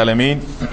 العالمين